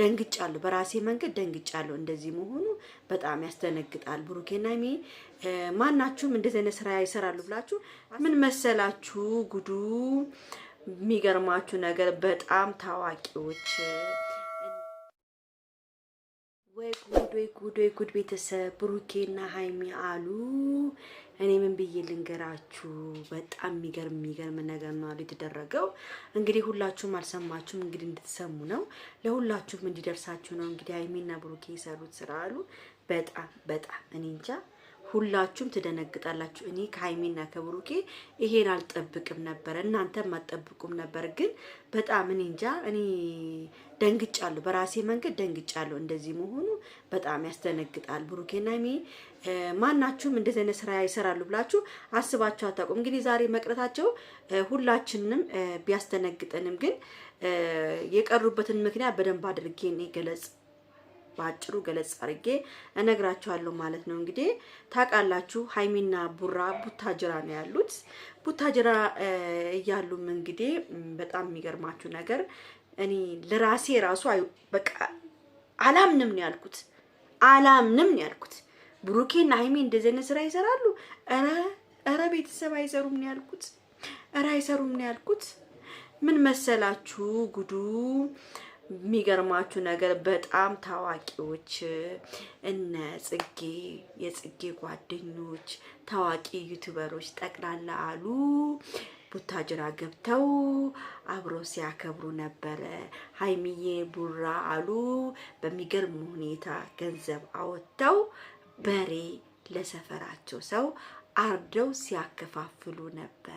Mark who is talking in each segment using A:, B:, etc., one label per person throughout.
A: ደንግጫለሁ። በራሴ መንገድ ደንግጫለሁ። እንደዚህ መሆኑ በጣም ያስደነግጣል። ብሩኬና ሚ ማናችሁም እንደዚህ አይነት ስራ ይሰራሉ ብላችሁ ምን መሰላችሁ ጉዱ የሚገርማችሁ ነገር በጣም ታዋቂዎች ወይ ጉድ ወይ ጉድ ወይ ጉድ ቤተሰብ ብሩኬና ሀይሚ አሉ እኔ ምን ብዬ ልንገራችሁ? በጣም የሚገርም የሚገርም ነገር ነው የተደረገው። እንግዲህ ሁላችሁም አልሰማችሁም፣ እንግዲህ እንድትሰሙ ነው፣ ለሁላችሁም እንዲደርሳችሁ ነው። እንግዲህ ሀይሚና ብሩኬ የሰሩት ስራ አሉ። በጣም በጣም እኔ እንጃ ሁላችሁም ትደነግጣላችሁ። እኔ ከሀይሚና ከብሩኬ ይሄን አልጠብቅም ነበር እናንተም አጠብቁም ነበር። ግን በጣም እኔ እንጃ እኔ ደንግጫለሁ፣ በራሴ መንገድ ደንግጫለሁ። እንደዚህ መሆኑ በጣም ያስደነግጣል። ብሩኬና ሀይሚ ማናችሁም እንደዚህ አይነት ስራ ይሰራሉ ብላችሁ አስባችሁ አታውቁም። እንግዲህ ዛሬ መቅረታቸው ሁላችንም ቢያስደነግጠንም ግን የቀሩበትን ምክንያት በደንብ አድርጌ እኔ ገለጽ በአጭሩ ገለጽ አድርጌ እነግራችኋለሁ ማለት ነው። እንግዲህ ታውቃላችሁ ሀይሚና ቡራ ቡታጅራ ነው ያሉት። ቡታጅራ እያሉም እንግዲህ በጣም የሚገርማችሁ ነገር እኔ ለራሴ ራሱ በቃ አላምንም ነው ያልኩት። አላምንም ነው ያልኩት። ብሩኬና ሀይሜ እንደዚህ ዓይነት ስራ ይሰራሉ? ኧረ ኧረ ቤተሰብ አይሰሩም ነው ያልኩት። ኧረ አይሰሩም ነው ያልኩት። ምን መሰላችሁ ጉዱ የሚገርማችሁ ነገር በጣም ታዋቂዎች እነ ጽጌ የጽጌ ጓደኞች ታዋቂ ዩቱበሮች ጠቅላላ አሉ ቡታጅራ ገብተው አብሮ ሲያከብሩ ነበረ። ሀይሚዬ ቡራ አሉ በሚገርም ሁኔታ ገንዘብ አወጥተው በሬ ለሰፈራቸው ሰው አርደው ሲያከፋፍሉ ነበረ።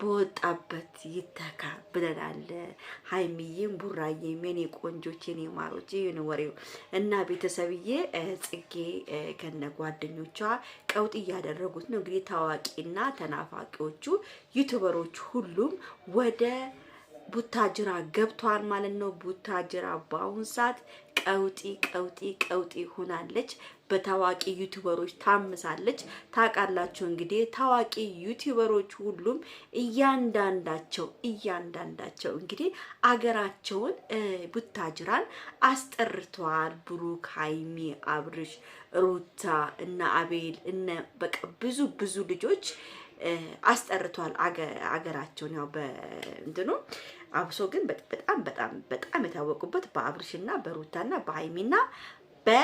A: በወጣበት ይተካ ብለናል። ሀይሚዬም ቡራዬም የኔ ቆንጆች የኔ ማሮች ይህን ወሬው እና ቤተሰብዬ ጽጌ ከነ ጓደኞቿ ቀውጥ እያደረጉት ነው። እንግዲህ ታዋቂና ተናፋቂዎቹ ዩቱበሮች ሁሉም ወደ ቡታጅራ ገብቷል ማለት ነው። ቡታጅራ በአሁን ሰዓት ቀውጢ ቀውጢ ቀውጢ ሆናለች። በታዋቂ ዩቲዩበሮች ታምሳለች። ታውቃላችሁ እንግዲህ ታዋቂ ዩቲዩበሮች ሁሉም እያንዳንዳቸው እያንዳንዳቸው እንግዲህ አገራቸውን ቡታጅራን አስጠርተዋል። ብሩክ፣ ሀይሚ፣ አብርሽ፣ ሩታ እና አቤል እነ በቃ ብዙ ብዙ ልጆች አስጠርቷል አገራቸውን ያው በእንትኑ አብሶ ግን በጣም በጣም በጣም የታወቁበት በአብርሽና በሩታና በሀይሚና በ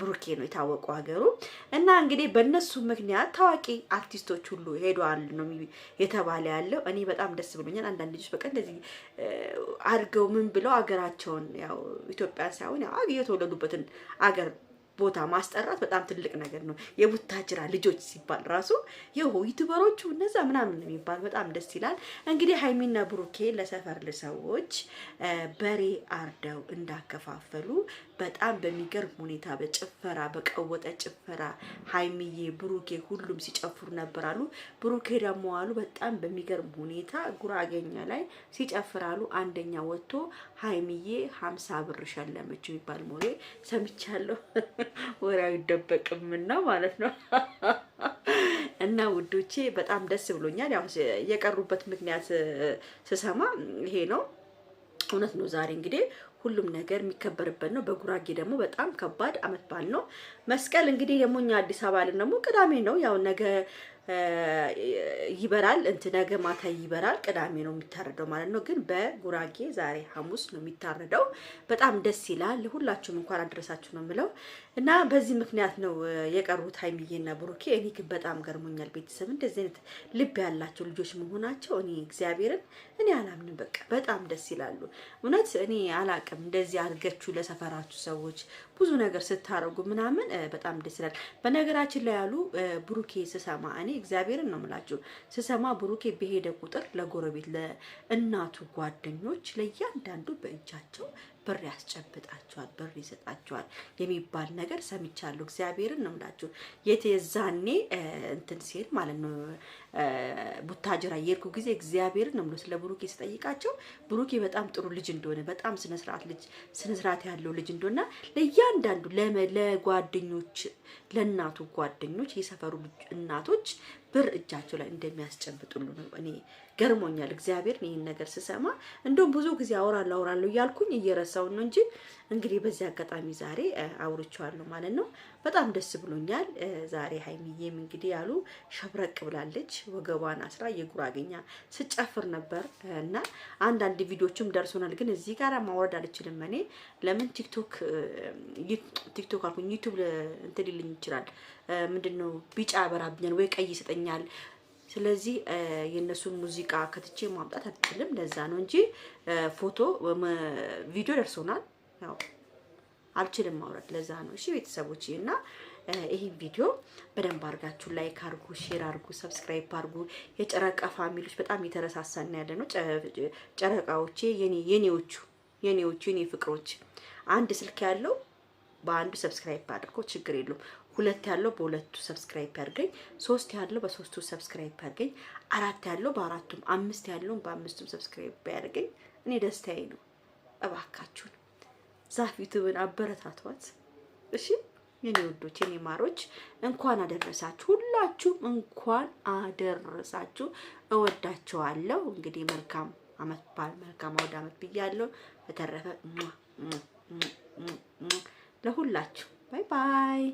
A: ብሩኬ ነው የታወቁ ሀገሩ እና እንግዲህ በእነሱ ምክንያት ታዋቂ አርቲስቶች ሁሉ ሄደዋል ነው የተባለ ያለው። እኔ በጣም ደስ ብሎኛል። አንዳንድ ልጆች በቃ እንደዚህ አድርገው ምን ብለው አገራቸውን ያው ኢትዮጵያ ሳይሆን ያው የተወለዱበትን አገር ቦታ ማስጠራት በጣም ትልቅ ነገር ነው። የቡታጅራ ልጆች ሲባል ራሱ ይሁ ዩቱበሮቹ እነዛ ምናምን የሚባል በጣም ደስ ይላል። እንግዲህ ሀይሚና ብሩኬ ለሰፈር ልሰዎች በሬ አርደው እንዳከፋፈሉ በጣም በሚገርም ሁኔታ በጭፈራ በቀወጠ ጭፈራ ሀይሚዬ፣ ብሩኬ ሁሉም ሲጨፍሩ ነበራሉ። ብሩኬ ደግሞ አሉ በጣም በሚገርም ሁኔታ ጉራገኛ ላይ ሲጨፍራሉ። አንደኛ ወጥቶ ሀይሚዬ ሀምሳ ብር ሸለመችው የሚባል ሞሬ ሰምቻለሁ። ወሬ አይደበቅም እና ማለት ነው። እና ውዶቼ በጣም ደስ ብሎኛል። ያው የቀሩበት ምክንያት ስሰማ ይሄ ነው። እውነት ነው። ዛሬ እንግዲህ ሁሉም ነገር የሚከበርበት ነው። በጉራጌ ደግሞ በጣም ከባድ አመት በዓል ነው መስቀል። እንግዲህ ደግሞ እኛ አዲስ አበባ ደግሞ ቅዳሜ ነው። ያው ነገ ይበራል እንት ነገ ማታ ይበራል። ቅዳሜ ነው የሚታረደው ማለት ነው። ግን በጉራጌ ዛሬ ሐሙስ ነው የሚታረደው። በጣም ደስ ይላል። ሁላችሁም እንኳን አደረሳችሁ ነው የምለው እና በዚህ ምክንያት ነው የቀሩት ሀይሚዬና ብሩኬ። እኔ ግን በጣም ገርሞኛል። ቤተሰብ እንደዚህ አይነት ልብ ያላቸው ልጆች መሆናቸው እኔ እግዚአብሔርን እኔ አላምንም። በቃ በጣም ደስ ይላሉ። እውነት እኔ አላቅም። እንደዚህ አድርገችሁ ለሰፈራችሁ ሰዎች ብዙ ነገር ስታረጉ ምናምን በጣም ደስ ይላል። በነገራችን ላይ ያሉ ብሩኬ ስሰማ እኔ እግዚአብሔርን ነው የምላችሁ። ስሰማ ብሩኬ በሄደ ቁጥር ለጎረቤት፣ ለእናቱ ጓደኞች፣ ለእያንዳንዱ በእጃቸው ብር ያስጨብጣቸዋል፣ ብር ይሰጣቸዋል የሚባል ነገር ሰምቻለሁ። እግዚአብሔርን ነው ምላችሁ የዛኔ እንትን ሲል ማለት ነው ቡታጅራ የሄድኩ ጊዜ እግዚአብሔርን ነው ብሎ ስለ ብሩኬ ስጠይቃቸው ብሩኬ በጣም ጥሩ ልጅ እንደሆነ በጣም ስነስርዓት ልጅ ስነስርዓት ያለው ልጅ እንደሆነ ለእያንዳንዱ ለጓደኞች ለእናቱ ጓደኞች የሰፈሩ እናቶች ብር እጃቸው ላይ እንደሚያስጨብጡሉ ነው። እኔ ገርሞኛል። እግዚአብሔር ይህን ነገር ስሰማ እንደውም ብዙ ጊዜ አውራለ አውራለሁ እያልኩኝ እየረሳውን ነው እንጂ እንግዲህ በዚህ አጋጣሚ ዛሬ አውርቼዋለሁ ማለት ነው። በጣም ደስ ብሎኛል። ዛሬ ሀይሚዬም እንግዲህ ያሉ ሸብረቅ ብላለች፣ ወገቧን አስራ የጉራገኛ ስጨፍር ነበር እና አንዳንድ ቪዲዮችም ደርሶናል። ግን እዚህ ጋር ማውረድ አልችልም እኔ ለምን ቲክቶክ ቲክቶክ አልኩኝ ዩቱብ እንትን ሊልኝ ይችላል። ምንድን ነው ቢጫ ያበራብኛል ወይ ቀይ ይሰጠኛል። ስለዚህ የእነሱን ሙዚቃ ከትቼ ማምጣት አልችልም። ለዛ ነው እንጂ ፎቶ ቪዲዮ ደርሶናል ያው አልችልም ማውረድ። ለዛ ነው እሺ ቤተሰቦች። እና ይህን ቪዲዮ በደንብ አድርጋችሁ ላይክ አርጉ፣ ሼር አርጉ፣ ሰብስክራይብ አርጉ። የጨረቃ ፋሚሊዎች በጣም የተረሳሳን ያለ ነው። ጨረቃዎቼ፣ የኔዎቹ የኔዎቹ የኔ ፍቅሮች አንድ ስልክ ያለው በአንዱ ሰብስክራይብ አድርጎ ችግር የለውም። ሁለት ያለው በሁለቱ ሰብስክራይብ ያርገኝ፣ ሶስት ያለው በሶስቱ ሰብስክራይብ ያርገኝ፣ አራት ያለው በአራቱም፣ አምስት ያለውን በአምስቱም ሰብስክራይብ ያርገኝ። እኔ ደስታዬ ነው። እባካችሁን ዛፍ ዩቱብን አበረታቷት። እሺ የኔ ወዶች የኔ ማሮች እንኳን አደረሳችሁ። ሁላችሁም እንኳን አደረሳችሁ። እወዳችኋለሁ። እንግዲህ መልካም አመት በዓል መልካም አውድ አመት ብያለሁ። በተረፈ ለሁላችሁ ባይ ባይ።